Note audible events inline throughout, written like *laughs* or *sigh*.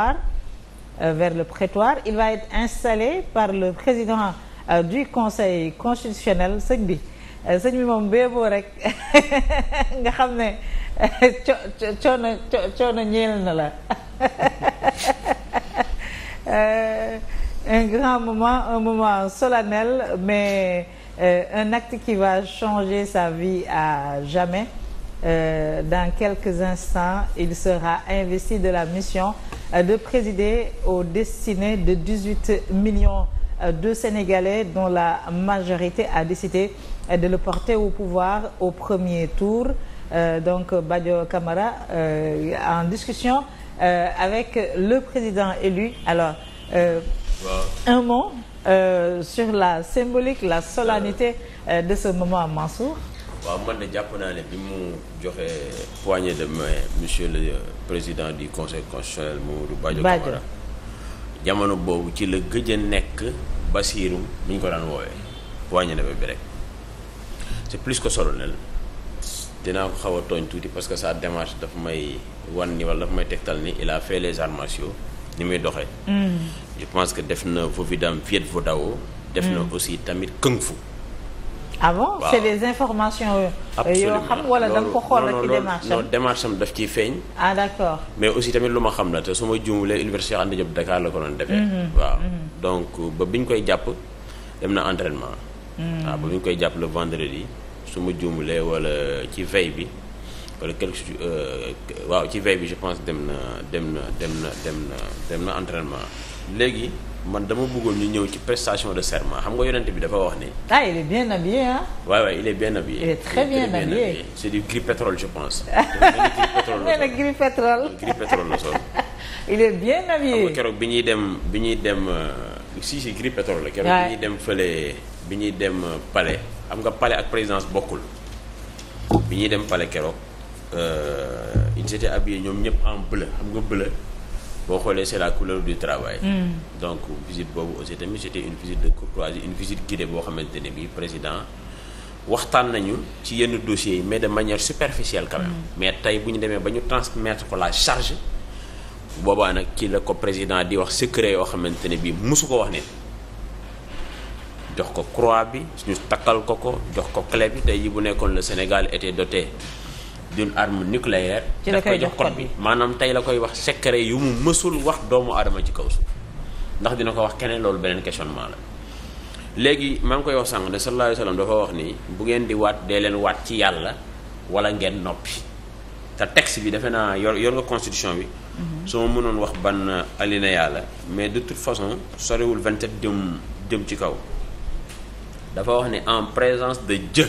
Euh, vers le prétoire il va être installé par le président euh, du conseil constitutionnel sëñ bi euh, sëñ bi moom rek *laughs* nga xam ne *laughs* coono coono ñeel na la *laughs* euh, un grand moment un moment solennel mais euh, un acte qui va changer sa vie à jamais Euh, dans quelques instants, il sera investi de la mission euh, de présider aux destinées de 18 millions euh, de Sénégalais dont la majorité a décidé euh, de le porter au pouvoir au premier tour. Euh, donc Badio Camara euh, en discussion avec le président élu. Alors, wow. un mot sur la waaw man de jàpp naa ne bi mu joxe poignée de main monsieur le président du conseil constitutionnel Mamadou Badio Camara jamono boobu ci la gëj a nekk Basiiru ni ñu ko daan woowee poignée de main bi rek c'est plus que solennel dinaa ko xaw a tooñ tuuti parce que sa démarche dafa may wan ni wala dafa may tegtal ni il a fait les arts martiaux ni muy doxee mm. je pense que def na Vovidam Viet Vo Dao def na mm. aussi tamit Kung Fu ah bon waaw. c'est des informations. Euh, yoo xam wala da nga ko xool rek démarche am non démarche ciy feeñ. ah d'accord mais aussi tamit lu ma xam la te su ma juumulee université Anta Diop Dakar la ko doon defee. Mhm, mhm. waaw donc ba bi ñu koy jàpp dem na entraînement. Mhm. waaw ba bi ñu koy jàpp le vendredi su ma juumulee wala ci veille bi. wala quelque euh, waaw ci veille bi je pense dem na dem na dem na dem na dem na entraînement léegi man dama buggoon ñu ñëw ci prestation de serment xam nga yonent bi dafa wax ni. ah il est bien habillé ah. waaw waaw il est bien habillé. très bien habillé il c'est du gris pétrole je pense. benn *laughs* gris pétrole gris sol. *laughs* il est bien habillé xam nga keroog bi ñuy dem bi ñuy dem euh, si si gris pétrole la. keroog bi ñuy dem fële bi ñuy dem euh, pale xam nga pale ak présidence bokkul bi ñuy dem palais keroog euh, ils ab habillés ñoom ñëpp en bleu xam nga bleu. boo xoolee c'est la couleur du travail. Mm. donc visite boobu aussi tamit c'était une visite de courtoisie une visite guidée boo xamante ne bii président waxtaan nañu ci yenn dossiers yi mais de manière superficielle quand hmm. mais tey bu ñu demee ba ñu transmettre ko la charge boobaa nag kii la ko président di wax secret yoo xamante ne bii mosu ko wax ne jox ko croix bi ñu takkal ko ko jox ko clé bi tey yi bu nekkoon le Sénégal était doté. d'une arme nucléaire. ci la koy jox code bi maanaam tey la koy wax secret yu mu mësul wax doomu aadama ci kaw suuf ndax dina ko wax keneen loolu beneen questionnement la. léegi maa ngi koy wax sànq ne sallallahu alayhi wa sallam dafa wax ni bu ngeen di waat dee leen waat ci yàlla wala ngeen noppi te texte bi defe naa yor yor nga constitution bi. Mhm. su ma mënoon wax ban alinéa la mais de toute façon soriwul 27 jëm jëm ci kaw dafa wax ni en présence de jë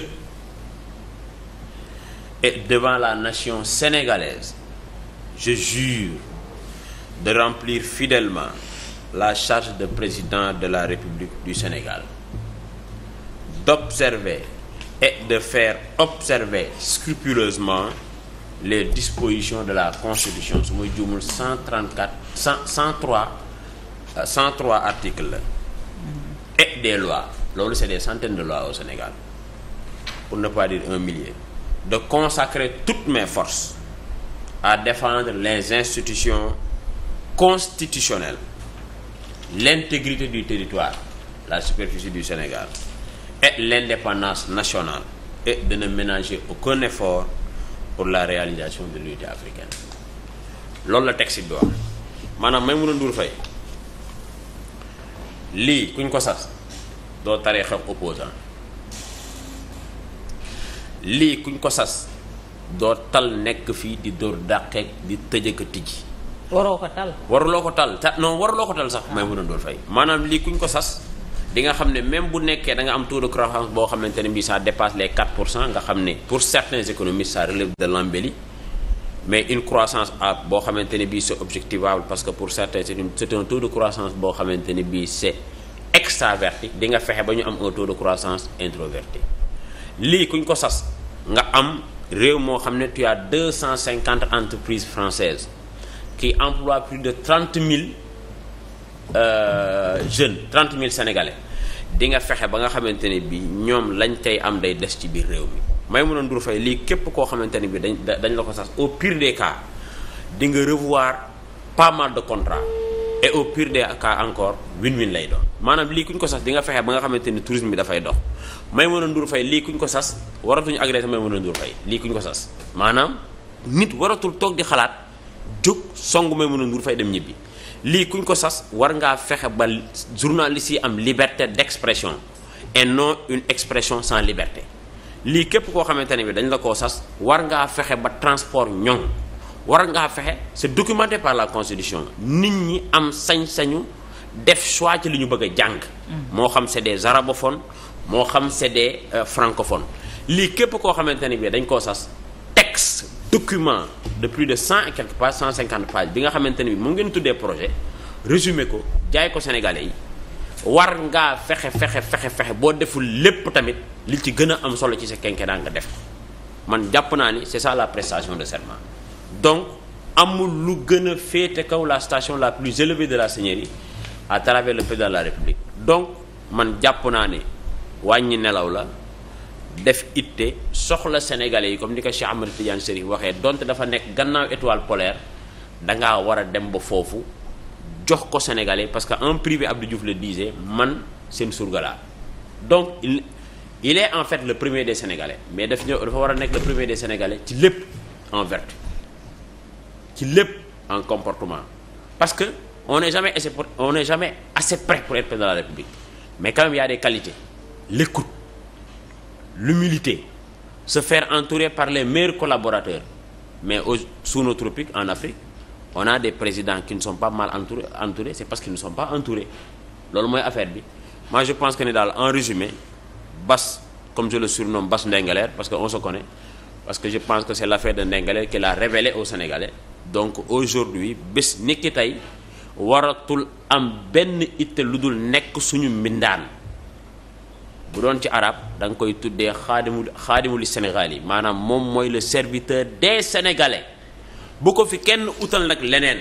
et devant la nation sénégalaise, je jure de remplir fidèlement la charge de président de la République du Sénégal, d'observer et de faire observer scrupuleusement les dispositions de la Constitution su muy juumul 134 103 103 articles la et des lois loolu c'est des centaines de lois au Sénégal de consacrer toutes mes forces à défendre les institutions constitutionnelles, l'intégrité du territoire, la superficie du Sénégal et l'indépendance nationale et de ne ménager aucun effort pour la réalisation de l'unité africaine. loolu la texte bi wax maanaam may mun a ndur fay lii kuñ ko sas doo taree opposant lii kuñ ko sas doo tal nekk fii di dóor dàqeeg di tëjëk a tijji waroo ko tal waruloo ko tal non waruloo ko tal sax may mën a dool fay maanaam lii kuñ ko sas di nga xam ne même bu nekkee da nga am taux de croissance boo xamante ne bii ça dépasse les 4 pour cent nga xam ne pour certains économistes ça relève de l'embellie mais une croissance à boo xamante ne bii c'est objectivable parce que pour certains c'est un taux de croissance boo xamante ne bii c'est extraverti di nga fexe ba ñu am un taux de croissance introverti lii kuñ nga am réew moo xam ne tu as deux cent cinquante entreprises françaises qui emploient plus de trente mille euh, jeunes trente mille sénégalais di nga fexe ba nga xamante ne bi ñoom lañ tey am day des ci biir réew mi may mun a ndur fay lii képp koo xamante ne bi dañ dañ la ko sas au pire des cas di nga revoir pas mal de contrats et au pire des cas encore win-win lay doon maanaam lii kuñ ko sas di nga fexe ba nga xamante ni tourisme bi dafay dox Maimouna Ndour Faye lii kuñ ko sas waratuñu agressé Maimouna Ndour Faye lii kuñ ko sas maanaam nit waratul toog di xalaat jóg song Maimouna Ndour Faye dem ñibbi lii kuñ ko sas war ngaa fexe ba journalistes yi am liberté d'expression et non une expression sans liberté lii képp koo xamante ne bi dañ la koo sas war ngaa fexe ba transport ñoŋ war ngaa fexe c'est documenté par la constitution nit ñi am sañ-sañu def choix ci li ñu bëgg a jàng. Mm. moo xam c'est des arabophones moo xam c'est des euh, francophones lii képp koo xamante ne bii dañ koo sas texte document de plus de cent et quelques pages cinquante pages bi nga xamante ne bii mu ngeen tuddee projet résumé ko jaay ko sénégalais yi war ngaa fexe fexe fexe fexe boo deful lépp tamit li ci gën a am solo ci sa quinquennat nga def man jàpp naa ni c'est ça la prestation de serment donc amul lu gën a féete kaw la station la plus élevée de la seigneurie à travers le président de la donc man jàpp naa ne wàññi nelaw la def itte soxla sénégalais yi comme ni ko Cheikh Ahmed Tidiane Serif waxee donte dafa nekk gannaaw étoile polaire dangaa war dem ba foofu jox ko sénégalais parce que en privé Abdou Diouf le disait man seen surga donc il est en fait le premier des sénégalais mais daf ñëw dafa war a nekk le premier des sénégalais ci lépp en vertu ci lépp en comportement parce que on n'est jamais assez on n'est jamais assez prêt pour être président de la République mais quand même a des qualités l'écoute l'humilité se faire entourer par les meilleurs collaborateurs mais au, sous nos tropiques en Afrique on a des présidents qui ne sont pas mal entourés entourés c'est parce qu'ils ne sont pas entourés loolu mooy affaire bi moi je pense que ni daal en résumé Bass comme je le surnomme Bass Ndengler parce que on se connaît parce que je pense que c'est l'affaire de Ndengler qui l'a révélé aux Sénégalais donc aujourd'hui bés niki tey waratul am benn itte lu dul nekk suñu mbindaan bu doon ci arab da nga koy tuddee xaadimu xaadimu li Sénégal yi maanaam moom mooy le serviteur des sénégalais bu ko fi kenn utal nag leneen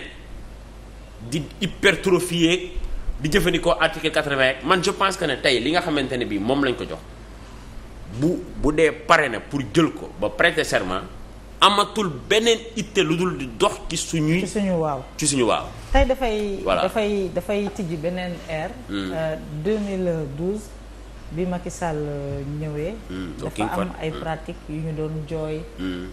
di hypertrophier di jëfandikoo article quatre-vingt man je pense que ne tey li nga xamante ne bii moom lañ ko jox bu bu dee pare na pour jël ko ba prêter serment. amatul beneen itte lu dul di dox ci suñuy. ci suñu waaw ci suñu waaw. tey dafay. dafay dafay tijji beneen ère. 2012 hmm. euh, ma Macky Sall euh, ñëwee. Hmm, dafa am ay hmm. pratiques yu ñu doon jooy.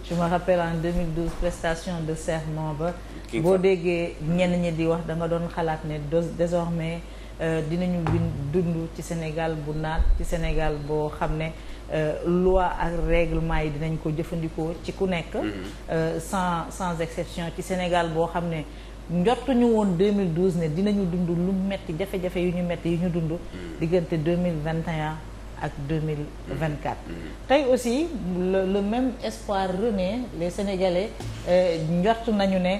je me rappelle en 2012 prestation de serment ba. boo déggee ñenn ñi di wax da doon xalaat ne désormais Euh, dinañu dund ci Sénégal bu naat ci Sénégal boo xam ne euh, loi ak règlement yi dinañ ko jëfandikoo ci ku nekk mm-hmm. euh, sans sans exception ci Sénégal boo xam ne njottuñu woon 2012 ne dinañu dund lu metti jafe-jafe yu ñu metti yu ñu dund mm-hmm. diggante 2021 ak 2024 mm-hmm. tey aussi le, le même espoir renaît les Sénégalais njort nañu ne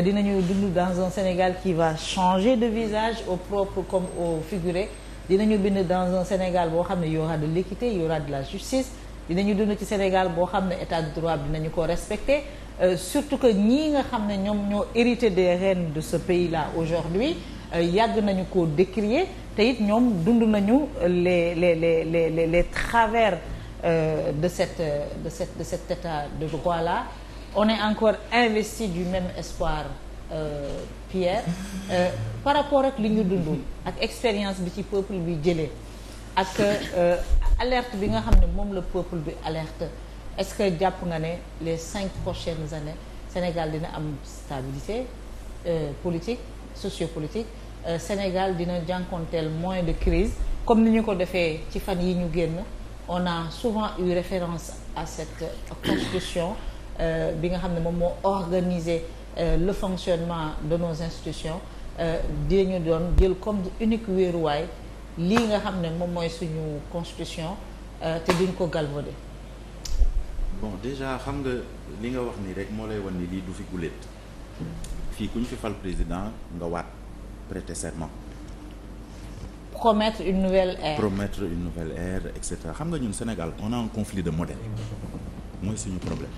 dina dinañu dund dans un Sénégal qui va changer de visage au propre comme au figuré dinañu bind dans un Sénégal boo xam ne y aura de l'équité y aura de la justice dinañu dund ci Sénégal boo xam ne état de droit dinañu ko respecter euh, surtout que ñii nga xam ne ñoom ñoo hérité des rênes de ce pays là aujourd'hui euh, yàgg nañu ko décrier te ñoom dund nañu les les les les les travers euh, de cette de cette de cet état de droit là on est encore investi du même espoir euh, Pierre euh, par rapport ak li ñu dund ak expérience bi ci peuple bi jëlee ak euh, alerte bi nga xam ne moom la peuple bi alerte est-ce que jàpp nga ne les cinq prochaines années Sénégal dina am stabilité euh, politique sociopolitique euh, Sénégal dina jànkonteel moins de crise comme ni ñu ko defee ci fan yi ñu génn on a souvent eu référence à cette constitution Euh, bi nga xam ne moom moo organiser euh, le fonctionnement de nos institutions euh, dinañu doon jël comme unique wéeruwaay lii nga xam ne moom mooy suñu constitution te duñ ko galvauder. bon déjà xam nga li nga wax nii rek moo lay wan nii lii du fi guléet fii ku fi fal président nga waat prêter serment. promettre une nouvelle ère promettre une nouvelle ère et xam nga ñun Sénégal on a un conflit de modèles mooy suñu problème.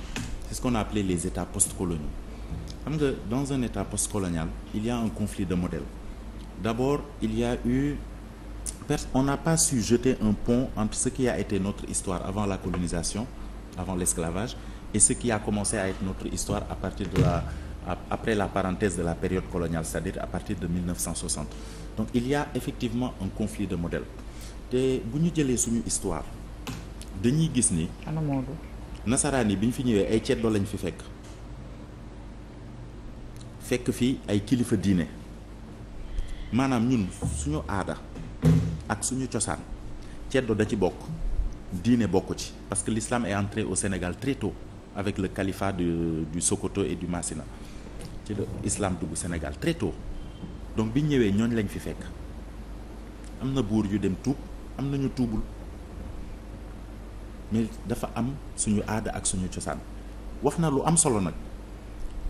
c'est ce qu'on a appelé les états postcoloniaux xam nga dans un état postcolonial il y a un conflit de modèles d'abord il y a eu on n'a pas su jeter un pont entre ce qui a été notre histoire avant la colonisation avant l'esclavage et ce qui a commencé à être notre histoire à partir de la après la parenthèse de la période coloniale c'est-à-dire à partir de 1960 donc il y a effectivement un conflit de modèles te bu ñu jëlee suñu histoire dañuy gis ni nasaraan yi bi ñu fi ñëwee ay ceddo lañu fi fekk fekk fii ay kilifa diine maanaam ñun suñu aada ak suñu cosaan ceddo da ci bokk diine bokk ci parce que l'islam ay entré au Sénégal traito avec le califat du du Sokoto et du Massina ci la islam dugg Sénégal très donc bi ñëwee ñooñ lañ fi fekk am na buur yu dem tuub am na ñu tuubul. mais dafa am suñu aada ak suñu cosaan wax na lu am solo nag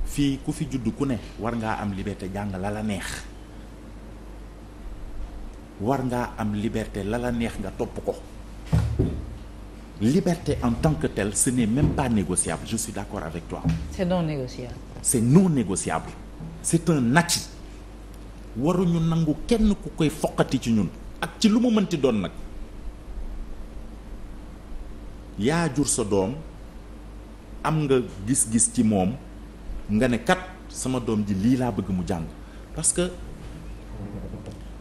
fii ku fi judd ku ne war ngaa am liberté jàng la neex war ngaa am liberté lala neex nga topp ko liberté en tant que telle ce n'est même pas négociable je suis d'accord avec toi. c'est non négociable. c'est non négociable. c'est un acquis waruñu nangu kenn ku koy foqati ci ñun ak ci lu mu mënti doon nag. yaa jur sa doom am nga gis-gis ci moom nga ne kat sama doom ji lii laa bëgg mu jàng parce que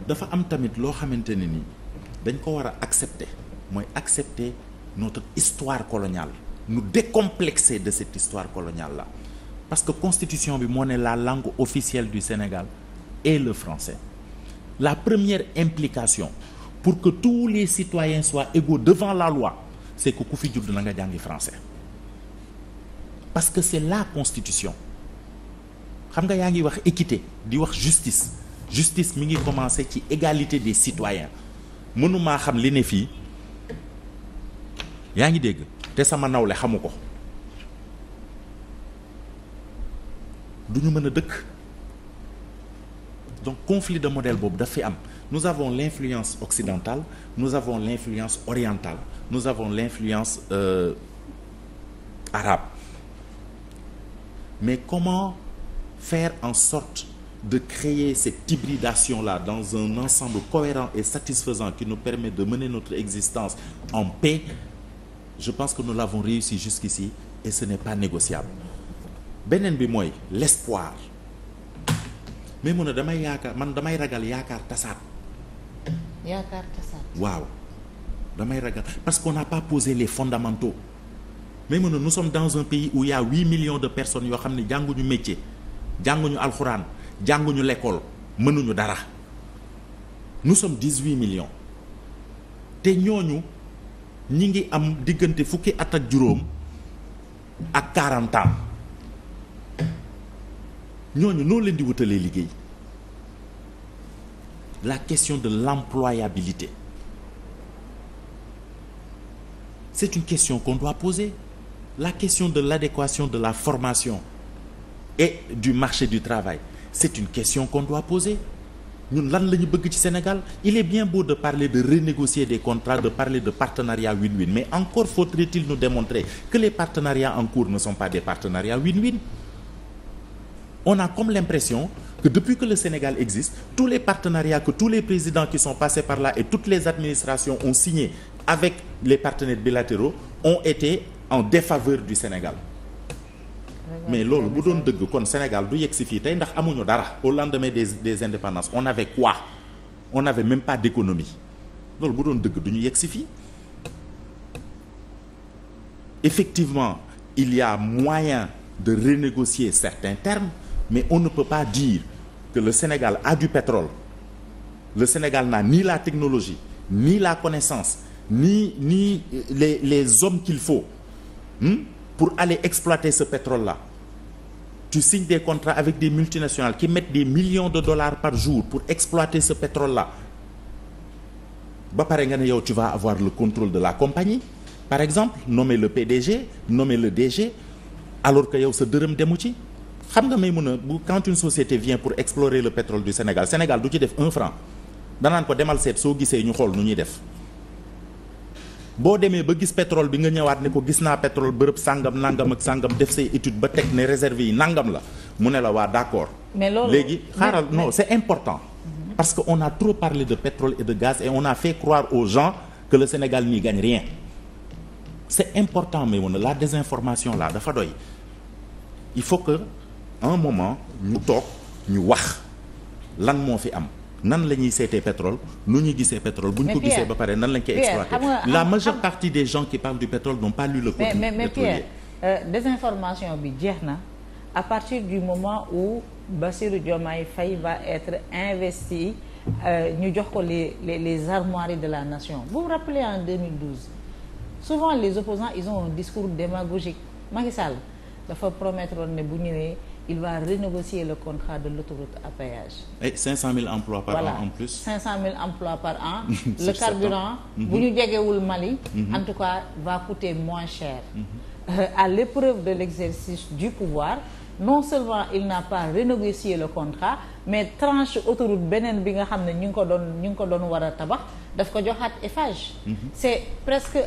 dafa am tamit loo xamante ne ni dañ ko war a accepter mooy accepter notre histoire coloniale nu décomplexer de cette histoire coloniale là parce que constitution bi moo ne la langue officielle du Sénégal et le français la première implication pour que tous les citoyens soient égaux devant la loi c'est que ku fi judd na nga jàngi français parce que c'est la constitution xam nga yaa ngi wax équité di wax justice justice mi ngi commencer ci égalité des citoyens mënumaa xam li ne fii yaa ngi dégg te sama nawle xamu ko du ñu mën a dëkk donc conflit de modèle boobu daf fi am nous avons l'influence occidentale nous avons l'influence orientale nous avons l'influence euh, arabe mais comment faire en sorte de créer cette hybridation-là dans un ensemble cohérent et satisfaisant qui nous permet de mener notre existence en paix, je pense que nous l'avons réussi jusqu'ici et ce n'est pas négociable. beneen bi mooy l'espoir mais mon a damay yaakaar man damay ragal yaakaar tasaat yaakaar waaw damay ragal parce qu'on n'a pas posé les fondamentaux mais mën nous sommes dans un pays où il millions de personnes yoo xam ne jàngu jànguñu métier jànguñu alxuraan jànguñu lekkool mënuñu dara nous sommes dix-huit millions te ñooñu ñi ngi am diggante fukki at ak juróom ak quarante ans ñooñu noonu leen di wutalee liggéey la question de l'employabilité c'est une question qu'on doit poser la question de l'adéquation de la formation et du marché du travail c'est une question qu'on doit poser ñun la ñu bëgg ci Sénégal il est bien beau de parler de renégocier des contrats de parler de partenariat win-win mais encore faudrait-il nous démontrer que les partenariats en cours ne sont pas des partenariats win-win on a comme l'impression que depuis que le Sénégal existe tous les partenariats que tous les présidents qui sont passés par là et toutes les administrations ont signé avec les partenaires bilatéraux ont été en défaveur du Sénégal mais loolu bu doon dëgg kon Sénégal du yegg si fii tey ndax amuñu dara au lendemain des des indépendances on avait quoi on n'avait même pas d'économie loolu bu doon dëgg du ñu yegg si fii effectivement il y a moyen de renégocier certains termes mais on ne peut pas dire que le Sénégal a du pétrole le Sénégal n'a ni la technologie ni la connaissance ni ni euh, les les hommes qu'il faut hmm, pour aller exploiter ce pétrole-là tu signes des contrats avec des multinationales qui mettent des millions de dollars par jour pour exploiter ce pétrole-là ba pare nga ne yow tu vas avoir le contrôle de la compagnie par exemple nommer le PDG nommer le DG alors que yow sa dërëm demu ci xam nga may mun a bu quand une société vient pour explorer la pétrole du Sénégal Sénégal du ci def un franc danaan ko demal seet soo gisee ñu xool nu ñuy def boo demee ba gis pétrole bi nga ñëwaat ne ko gis naa pétrole bërëb sàngam nangam ak sàngam def say étude ba teg ne réserve yi nangam la mu ne la waa d'accord mais loolu léegi xaaral non c'est important mhm. parce que on a trop parlé de pétrole et de gaz et on a fait croire aux gens que le Sénégal ni gagne rien c'est important mais woon la désinformation là dafa doy un moment ñu toog ñu wax lan moo fi am nan la ñuy seetee pétrole nu ñuy gisee pétrole bu ñu ko gisee ba pare nan lañ koy exploiter la majeure partie des gens qui parlent du pétrole n'ont pas lu le code pétrolier mais Pierre euh, bi jeex na à partir du moment où Bassirou Diomaye Faye va être investi euh, ñu jox ko les les les armoiries de la nation vous vous rappelez en 2012 souvent les opposants ils ont un discours démagogique Macky Sall dafa promettre ne bu ñëwee il va renégocier le contrat de l'autoroute à péage. et 500 000 emplois par voilà. an en plus. 500 000 emplois par an. *laughs* le carburant mhm. bu ñu jegewul Mali. Mhm. en tout cas va coûter moins cher. Mhm. Euh, à l'épreuve de l'exercice du pouvoir non seulement il n'a pas renégocié le contrat mais tranche autoroute beneen bi nga xam ne ñu ngi ko doon ñu ngi ko doon war a tabax daf ko joxaat Eiffage. c'est presque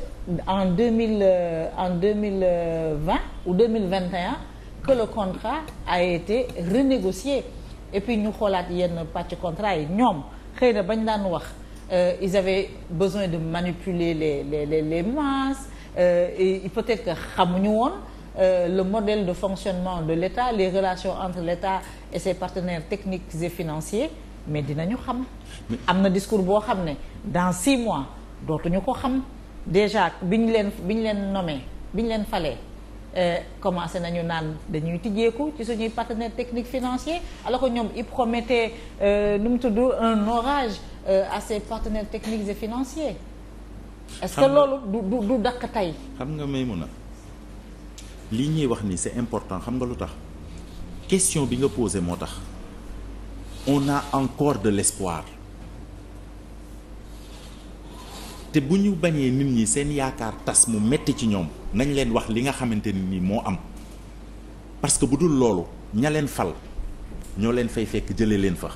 en deux mille euh, en deux mille euh, vingt ou deux mille vingt que le contrat a été renégocié et puis ñu xoolaat yenn pàcc contrat yi ñoom xëy na bañ daan wax euh, ils avaient besoin de manipuler les les les les masses euh, et peut-être que xamuñu woon Euh, le modèle de fonctionnement de l'État les relations entre l'État et ses partenaires techniques et financiers mais ñu xam am na discours boo xam ne dans six mois dootuñu ko xam déjà bi ñu leen bi ñu leen nommé bi ñu leen falee Euh, commencé nañu naan dañuy tijjeeku ci suñuy partenaire technique financier alors que ñoom ils promettaient euh, nu mu tudd un orage euh, à ces partenaires techniques et financiers est-ce que loolu du dakk tey xam nga may mun a lii ñuy wax ni c'est important xam nga lu tax question bi nga posé moo tax on a encore de l'espoir te bu ñu bañee nit ñi seen yaakaar tas mu metti ci ñoom nañ leen wax li nga xamante ni nii moo am parce que bu dul loolu ñaleen fal ñoo leen fay fekk jëlee leen fa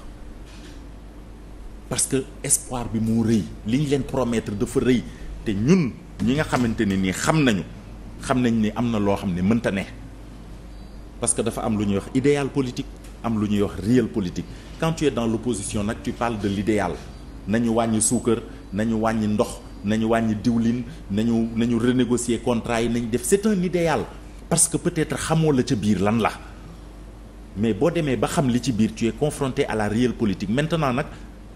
parce que espoir bi moo rëy li ñu leen promettre dafa rëy te ñun ñi nga xamante ne nii xam nañu xam nañ ni am na loo xam ne mënta ne parce que dafa am lu ñuy wax idéal politique am lu ñuy wax réel politique quand tu es dans l'opposition nag tu parles de l'idéal nañu wàññi suukar nañu wàññi ndox nañu wàññi diwlin nañu nañu renégocier contrat yi nañ def c'est un idéal parce que peut-être xamoo la ca biir lan la mais boo demee ba xam li ci biir tu es confronté à la réelle politique maintenant nag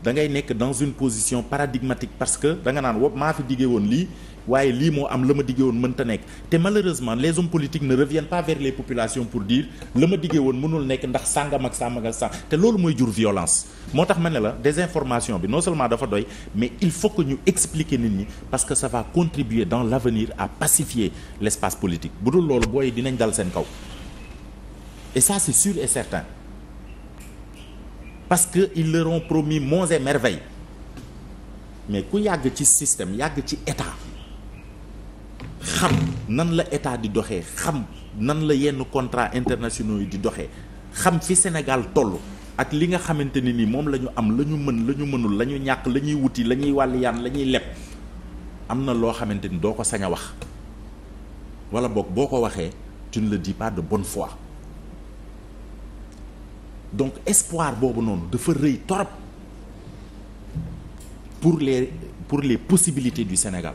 da ngay nekk dans une position paradigmatique parce que da nga naan wop maa fi diggee woon lii waaye lii moo am la ma diggee woon mënta nekk te malheureusement les hommes politiques ne reviennent pas vers les populations pour dire la ma diggee woon mënul nekk ndax sàngam ak sàmmagal sàng te loolu mooy jur violence moo tax ma ne la désinformation bi non seulement dafa doy mais il faut que ñu expliquer nit ñi parce que ça va contribuer dans l'avenir à pacifier l'espace politique bu dul loolu booy dinañ dal seen kaw et ça c'est sûr et certain parce que ils leur ont promis monts et merveilles mais ku yàgg ci système yàgg ci état xam nan la état di doxee xam nan la yenn contrat internationaux yi di doxee xam fi Sénégal toll ak li nga xamante ni nii moom la ñu am la ñu mën la ñu mënul la ñu ñàkk la ñuy wuti la ñuy wàll yaan la ñuy leb am na loo xamante ni doo ko sañ a wax wala boog boo ko waxee tu la le dis de bonne foi donc espoir boobu noonu dafa rëy torop pour les pour les possibilités du Sénégal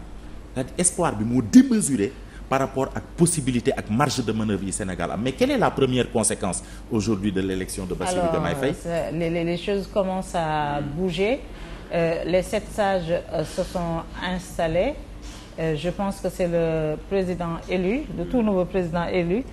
c'est-à-dire espoir bi moo démesuré par rapport ak possibilité ak marge de manœuvre yi Sénégal am mais quelle est la première conséquence aujourd'hui de l'élection de Bassirou Diomaye Faye alors euh, les les choses commencent à bouger euh, les sept sages euh, se sont installés euh, je pense que c'est le président élu le tout nouveau président élu